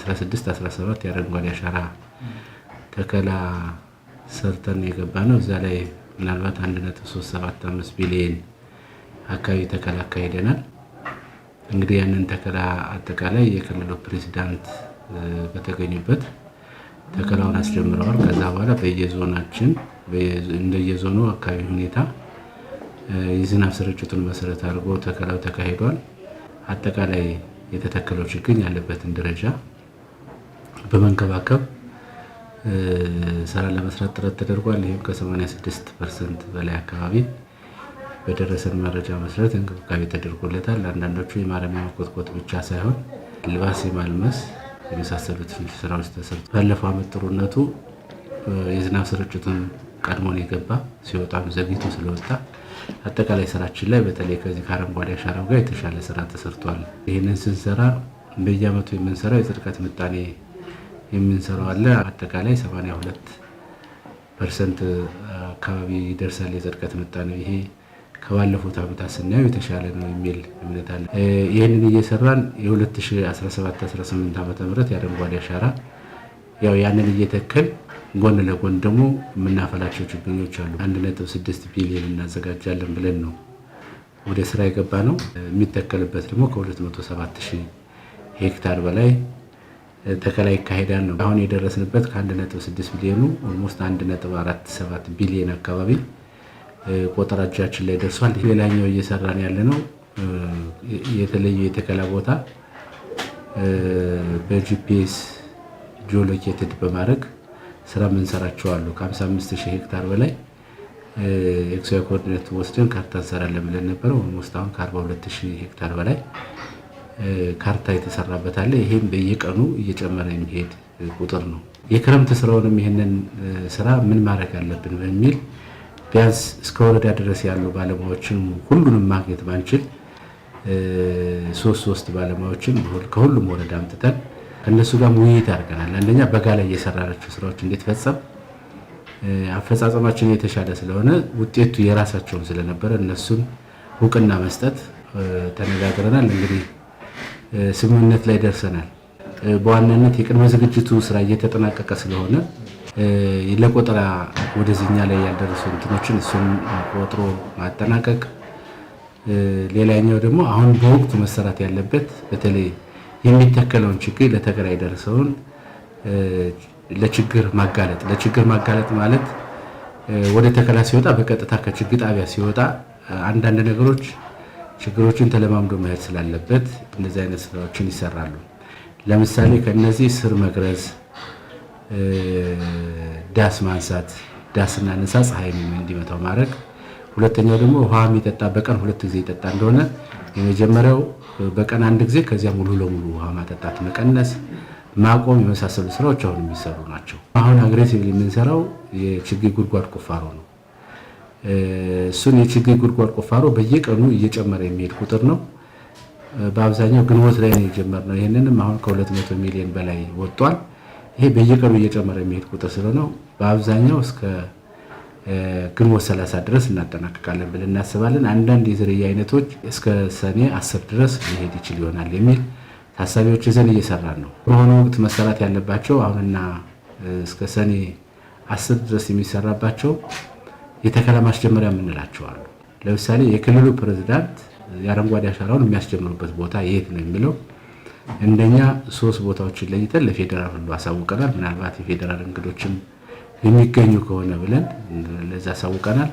ክረምት የ16 17 የአረንጓዴ አሻራ ተከላ ሰርተን የገባ ነው። እዛ ላይ ምናልባት 1.375 ቢሊየን አካባቢ ተከላ አካሂደናል። እንግዲህ ያንን ተከላ አጠቃላይ የክልሉ ፕሬዚዳንት በተገኙበት ተከላውን አስጀምረዋል። ከዛ በኋላ በየዞናችን እንደየዞኑ አካባቢ ሁኔታ የዝናብ ስርጭቱን መሰረት አድርጎ ተከላው ተካሂዷል። አጠቃላይ የተተከለው ችግኝ ያለበትን ደረጃ በመንከባከብ ስራ ለመስራት ጥረት ተደርጓል። ይህም ከ86 ፐርሰንት በላይ አካባቢ በደረሰን መረጃ መሰረት እንክብካቤ ተደርጎለታል። አንዳንዶቹ የማረሚያ መኮትኮት ብቻ ሳይሆን ልባስ የማልመስ የመሳሰሉትን ስራዎች ተሰርተዋል። ባለፈው አመት ጥሩነቱ የዝናብ ስርጭቱን ቀድሞን የገባ ሲወጣም ዘግይቶ ስለወጣ አጠቃላይ ስራችን ላይ በተለይ ከዚህ ከአረንጓዴ አሻራው ጋር የተሻለ ስራ ተሰርቷል። ይህንን ስንሰራ በየአመቱ የምንሰራው የጽድቀት ምጣኔ የምንሰራው አለ። አጠቃላይ 82 ፐርሰንት አካባቢ ይደርሳል የጽድቀት ምጣኔ ይሄ ከባለፉት አመታት ስናየው የተሻለ ነው የሚል እምነት አለ። ይህንን እየሰራን የ2017-18 ዓ ም የአረንጓዴ አሻራ ያው ያንን እየተከል ጎን ለጎን ደግሞ የምናፈላቸው ችግኞች አሉ። አንድ ነጥብ ስድስት ቢሊዮን እናዘጋጃለን ብለን ነው ወደ ስራ የገባ ነው። የሚተከልበት ደግሞ ከ207 ሄክታር በላይ ተከላ ይካሄዳል ነው። አሁን የደረስንበት ከ1.6 ቢሊዮኑ ኦልሞስት 1.47 ቢሊዮን አካባቢ ቆጠራ እጃችን ላይ ደርሷል። ሌላኛው እየሰራን ያለ ነው የተለየ የተከላ ቦታ በጂፒኤስ ጂኦሎኬትድ በማድረግ ስራ የምንሰራቸው አሉ። ከ55 ሺህ ሄክታር በላይ ኤክስዋ ኮኦርዲኔት ወስደን ካርታ እንሰራለን ብለን ነበረ። ኦልሞስት አሁን ከ42 ሺህ ሄክታር በላይ ካርታ የተሰራበታለ ይህም በየቀኑ እየጨመረ የሚሄድ ቁጥር ነው። የክረምት ስራውንም ይህንን ስራ ምን ማድረግ አለብን በሚል ቢያንስ እስከ ወረዳ ድረስ ያሉ ባለሙያዎችን ሁሉንም ማግኘት ባንችል ሶስት ሶስት ባለሙያዎችን ከሁሉም ወረዳ አምጥተን ከእነሱ ጋር ውይይት አድርገናል። አንደኛ በጋ ላይ እየሰራችሁ ስራዎች እንድትፈጸም አፈጻጸማችን የተሻለ ስለሆነ ውጤቱ የራሳቸውን ስለነበረ እነሱን እውቅና መስጠት ተነጋግረናል። እንግዲህ ስምምነት ላይ ደርሰናል። በዋናነት የቅድመ ዝግጅቱ ስራ እየተጠናቀቀ ስለሆነ ለቆጠራ ወደዚህኛ ላይ ያልደረሱ እንትኖችን እሱን ቆጥሮ ማጠናቀቅ፣ ሌላኛው ደግሞ አሁን በወቅቱ መሰራት ያለበት በተለይ የሚተከለውን ችግኝ ለተከላ የደረሰውን ለችግር ማጋለጥ ለችግር ማጋለጥ ማለት ወደ ተከላ ሲወጣ በቀጥታ ከችግኝ ጣቢያ ሲወጣ አንዳንድ ነገሮች ችግሮችን ተለማምዶ መሄድ ስላለበት እንደዚህ አይነት ስራዎችን ይሰራሉ። ለምሳሌ ከእነዚህ ስር መግረዝ፣ ዳስ ማንሳት፣ ዳስና ነሳ ፀሐይ እንዲመታው ማድረግ ሁለተኛው ደግሞ ውሃ የሚጠጣ በቀን ሁለት ጊዜ ይጠጣ እንደሆነ የመጀመሪያው በቀን አንድ ጊዜ ከዚያ ሙሉ ለሙሉ ውሃ ማጠጣት መቀነስ፣ ማቆም የመሳሰሉ ስራዎች አሁን የሚሰሩ ናቸው። አሁን አግሬሲቭ የምንሰራው የችግኝ ጉድጓድ ቁፋሮ ነው። እሱን የችግኝ ጉድጓድ ቁፋሮ በየቀኑ እየጨመረ የሚሄድ ቁጥር ነው። በአብዛኛው ግንቦት ላይ ነው የጀመርነው። ይህንንም አሁን ከ200 ሚሊዮን በላይ ወጥቷል። ይሄ በየቀኑ እየጨመረ የሚሄድ ቁጥር ስለነው በአብዛኛው እስከ ግንቦት 30 ድረስ እናጠናቅቃለን ብለን እናስባለን። አንዳንድ የዝርያ አይነቶች እስከ ሰኔ አስር ድረስ ሊሄድ ይችል ይሆናል የሚል ታሳቢዎች ይዘን እየሰራን ነው። በሆነ ወቅት መሰራት ያለባቸው አሁንና እስከ ሰኔ አስር ድረስ የሚሰራባቸው የተከላ ማስጀመሪያ የምንላቸው አሉ። ለምሳሌ የክልሉ ፕሬዚዳንት የአረንጓዴ አሻራውን የሚያስጀምሩበት ቦታ የት ነው የሚለው እንደኛ ሶስት ቦታዎችን ለይተን ለፌዴራል ሁሉ አሳውቀናል። ምናልባት የፌዴራል እንግዶችም የሚገኙ ከሆነ ብለን ለዛ አሳውቀናል።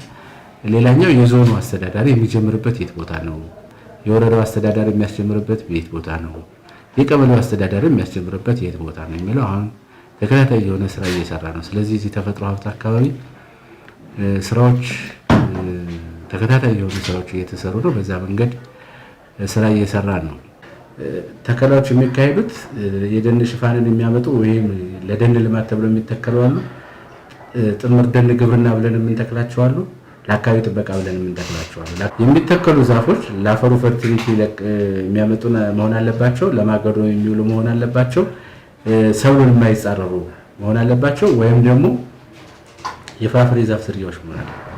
ሌላኛው የዞኑ አስተዳዳሪ የሚጀምርበት የት ቦታ ነው? የወረዳው አስተዳዳሪ የሚያስጀምርበት የት ቦታ ነው? የቀበሌው አስተዳዳሪ የሚያስጀምርበት የት ቦታ ነው የሚለው አሁን ተከታታይ የሆነ ስራ እየሰራ ነው። ስለዚህ እዚህ ተፈጥሮ ሀብት አካባቢ ስራዎች ተከታታይ የሆኑ ስራዎች እየተሰሩ ነው። በዛ መንገድ ስራ እየሰራ ነው። ተከላዎች የሚካሄዱት የደን ሽፋንን የሚያመጡ ወይም ለደን ልማት ተብሎ የሚተከሉ አሉ። ጥምር ደን ግብርና ብለን የምንተክላቸው አሉ። ለአካባቢ ጥበቃ ብለን የምንተክላቸው አሉ። የሚተከሉ ዛፎች ለአፈሩ ፈርቲሊቲ የሚያመጡ መሆን አለባቸው። ለማገዶ የሚውሉ መሆን አለባቸው። ሰብሉን የማይጻረሩ መሆን አለባቸው። ወይም ደግሞ የፍራፍሬ ዛፍ ዝርያዎች መሆን አለባቸው።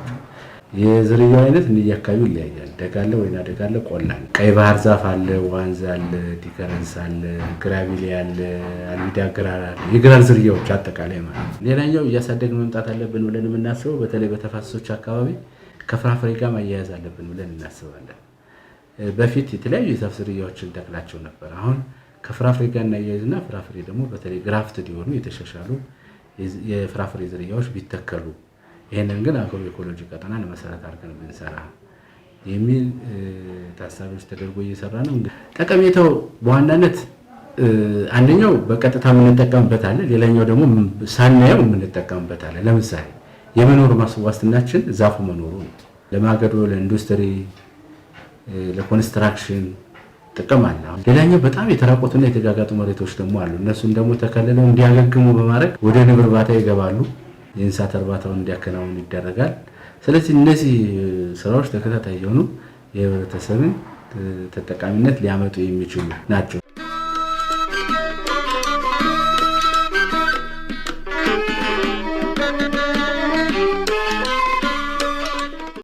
የዝርያው አይነት እንደየአካባቢው ይለያያል። ደጋለ አለ፣ ወይና ቆላ ቀይ ባህር ዛፍ አለ፣ ዋንዛ አለ፣ ዲከረንስ አለ፣ ግራቢሌ አለ፣ አልሚዳ ግራር አለ። የግራር ዝርያዎች አጠቃላይ ማለት ነው። ሌላኛው እያሳደግን መምጣት አለብን ብለን የምናስበው በተለይ በተፋሰሶች አካባቢ ከፍራፍሬ ጋር ማያያዝ አለብን ብለን እናስባለን። በፊት የተለያዩ የዛፍ ዝርያዎችን ተክላቸው ነበር። አሁን ከፍራፍሬ ጋር እናያይዝና ፍራፍሬ ደግሞ በተለይ ግራፍት የሆኑ የተሻሻሉ የፍራፍሬ ዝርያዎች ቢተከሉ ይህንን ግን አግሮ ኢኮሎጂ ቀጠናን መሰረት አድርገን ብንሰራ የሚል ታሳቢዎች ተደርጎ እየሰራ ነው። ጠቀሜታው በዋናነት አንደኛው በቀጥታ የምንጠቀምበት አለ፣ ሌላኛው ደግሞ ሳናየው የምንጠቀምበት አለ። ለምሳሌ የመኖር ማስዋስትናችን ዛፉ መኖሩ ነው። ለማገዶ፣ ለኢንዱስትሪ፣ ለኮንስትራክሽን ጥቅም አለ። ሌላኛው በጣም የተራቆቱና የተጋጋጡ መሬቶች ደግሞ አሉ። እነሱን ደግሞ ተከልለው እንዲያገግሙ በማድረግ ወደ ንብ እርባታ ይገባሉ። የእንስሳት እርባታውን እንዲያከናውኑ ይደረጋል። ስለዚህ እነዚህ ስራዎች ተከታታይ የሆኑ የህብረተሰብን ተጠቃሚነት ሊያመጡ የሚችሉ ናቸው።